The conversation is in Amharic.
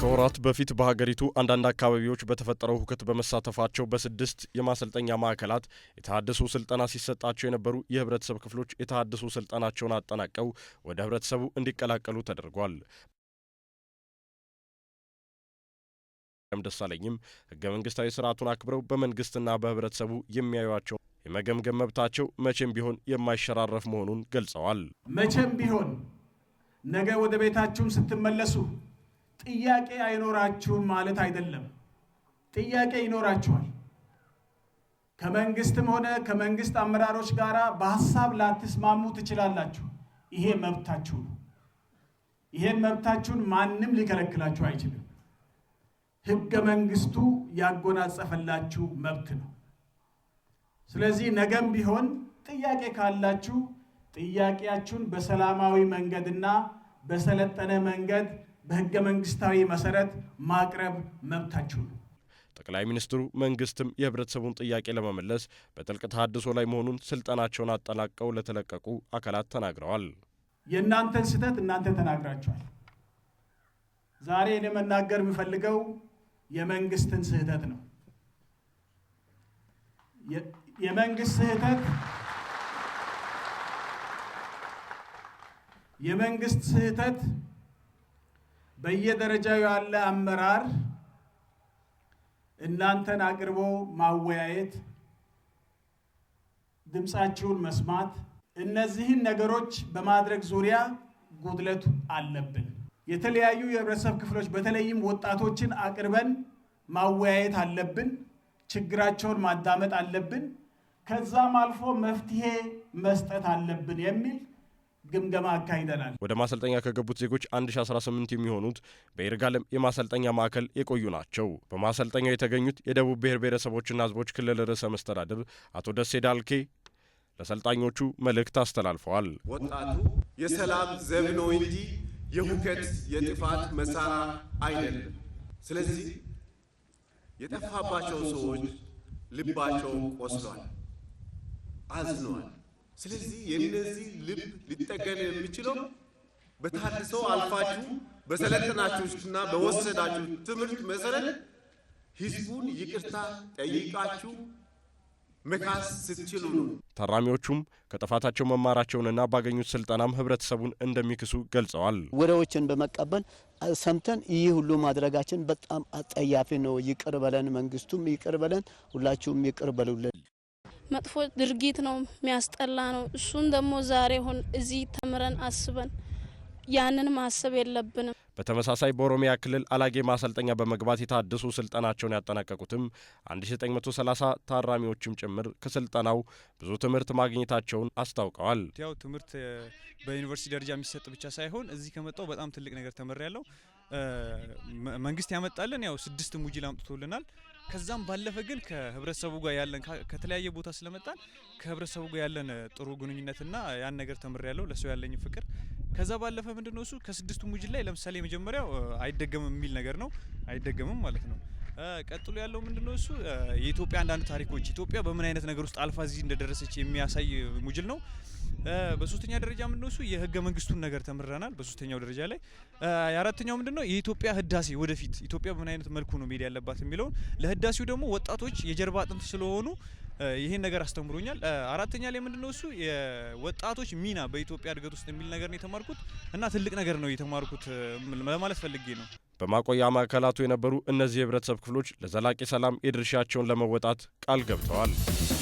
ከወራት በፊት በሀገሪቱ አንዳንድ አካባቢዎች በተፈጠረው ሁከት በመሳተፋቸው በስድስት የማሰልጠኛ ማዕከላት የተሃድሶ ስልጠና ሲሰጣቸው የነበሩ የህብረተሰብ ክፍሎች የተሃድሶ ስልጠናቸውን አጠናቀው ወደ ህብረተሰቡ እንዲቀላቀሉ ተደርጓል። ም ደሳለኝም ህገ መንግስታዊ ስርዓቱን አክብረው በመንግስትና በህብረተሰቡ የሚያዩቸው የመገምገም መብታቸው መቼም ቢሆን የማይሸራረፍ መሆኑን ገልጸዋል። መቼም ቢሆን ነገ ወደ ቤታችሁም ስትመለሱ ጥያቄ አይኖራችሁም ማለት አይደለም። ጥያቄ ይኖራችኋል። ከመንግስትም ሆነ ከመንግስት አመራሮች ጋር በሀሳብ ላትስማሙ ትችላላችሁ። ይሄ መብታችሁ ነው። ይሄን መብታችሁን ማንም ሊከለክላችሁ አይችልም። ህገ መንግስቱ ያጎናጸፈላችሁ መብት ነው። ስለዚህ ነገም ቢሆን ጥያቄ ካላችሁ ጥያቄያችሁን በሰላማዊ መንገድና በሰለጠነ መንገድ በህገ መንግስታዊ መሰረት ማቅረብ መብታችሁ ነው። ጠቅላይ ሚኒስትሩ መንግስትም የህብረተሰቡን ጥያቄ ለመመለስ በጥልቅ ተሃድሶ ላይ መሆኑን ስልጠናቸውን አጠናቀው ለተለቀቁ አካላት ተናግረዋል። የእናንተን ስህተት እናንተ ተናግራችኋል። ዛሬ ለመናገር የምፈልገው የመንግስትን ስህተት ነው። የመንግስት ስህተት የመንግስት ስህተት በየደረጃው ያለ አመራር እናንተን አቅርቦ ማወያየት፣ ድምፃችሁን መስማት፣ እነዚህን ነገሮች በማድረግ ዙሪያ ጉድለቱ አለብን። የተለያዩ የህብረተሰብ ክፍሎች በተለይም ወጣቶችን አቅርበን ማወያየት አለብን። ችግራቸውን ማዳመጥ አለብን። ከዛም አልፎ መፍትሄ መስጠት አለብን የሚል ግምገማ አካሂደናል። ወደ ማሰልጠኛ ከገቡት ዜጎች 1018 የሚሆኑት በይርጋለም የማሰልጠኛ ማዕከል የቆዩ ናቸው። በማሰልጠኛው የተገኙት የደቡብ ብሔር ብሔረሰቦችና ሕዝቦች ክልል ርዕሰ መስተዳድር አቶ ደሴ ዳልኬ ለሰልጣኞቹ መልእክት አስተላልፈዋል። ወጣቱ የሰላም ዘብ ነው እንጂ የሁከት የጥፋት መሳራ አይደለም። ስለዚህ የጠፋባቸው ሰዎች ልባቸው ቆስሏል፣ አዝነዋል። ስለዚህ የእነዚህ ልብ ሊጠገን የሚችለው በተሐድሶ አልፋችሁ በሰለጠናችሁና በወሰዳችሁ ትምህርት መሰረት ህዝቡን ይቅርታ ጠይቃችሁ መካስ ስትችሉ ነው። ታራሚዎቹም ከጥፋታቸው መማራቸውንና ባገኙት ስልጠናም ህብረተሰቡን እንደሚክሱ ገልጸዋል። ወሬዎችን በመቀበል ሰምተን ይህ ሁሉ ማድረጋችን በጣም አጸያፊ ነው። ይቅር በለን፣ መንግስቱም ይቅር በለን፣ ሁላችሁም ይቅር በሉልን። መጥፎ ድርጊት ነው፣ የሚያስጠላ ነው። እሱን ደግሞ ዛሬ ሆን እዚህ ተምረን አስበን ያንን ማሰብ የለብንም። በተመሳሳይ በኦሮሚያ ክልል አላጌ ማሰልጠኛ በመግባት የታደሱ ስልጠናቸውን ያጠናቀቁትም 1930 ታራሚዎችም ጭምር ከስልጠናው ብዙ ትምህርት ማግኘታቸውን አስታውቀዋል። ያው ትምህርት በዩኒቨርሲቲ ደረጃ የሚሰጥ ብቻ ሳይሆን እዚህ ከመጣው በጣም ትልቅ ነገር ተምሬ ያለው መንግስት ያመጣልን ያው ስድስት ሙጅል አምጥቶልናል። ከዛም ባለፈ ግን ከህብረተሰቡ ጋር ያለን ከተለያየ ቦታ ስለመጣን ከህብረተሰቡ ጋር ያለን ጥሩ ግንኙነትና ያን ነገር ተምር ያለው ለሰው ያለኝ ፍቅር ከዛ ባለፈ ምንድነው እሱ ከስድስቱ ሙጅል ላይ ለምሳሌ የመጀመሪያው አይደገምም የሚል ነገር ነው። አይደገምም ማለት ነው። ቀጥሎ ያለው ምንድነው እሱ የኢትዮጵያ አንዳንድ ታሪኮች ኢትዮጵያ በምን አይነት ነገር ውስጥ አልፋ እዚህ እንደደረሰች የሚያሳይ ሙጅል ነው። በሶስተኛ ደረጃ ምንድነው እሱ የህገ መንግስቱን ነገር ተምረናል። በሶስተኛው ደረጃ ላይ የአራተኛው ምንድነው የኢትዮጵያ ህዳሴ ወደፊት ኢትዮጵያ በምን አይነት መልኩ ነው መሄድ ያለባት የሚለውን ለህዳሴው ደግሞ ወጣቶች የጀርባ አጥንት ስለሆኑ ይህን ነገር አስተምሮኛል። አራተኛ ላይ ምንድነው እሱ የወጣቶች ሚና በኢትዮጵያ እድገት ውስጥ የሚል ነገር ነው የተማርኩት እና ትልቅ ነገር ነው የተማርኩት ለማለት ፈልጌ ነው። በማቆያ ማዕከላቱ የነበሩ እነዚህ የህብረተሰብ ክፍሎች ለዘላቂ ሰላም የድርሻቸውን ለመወጣት ቃል ገብተዋል።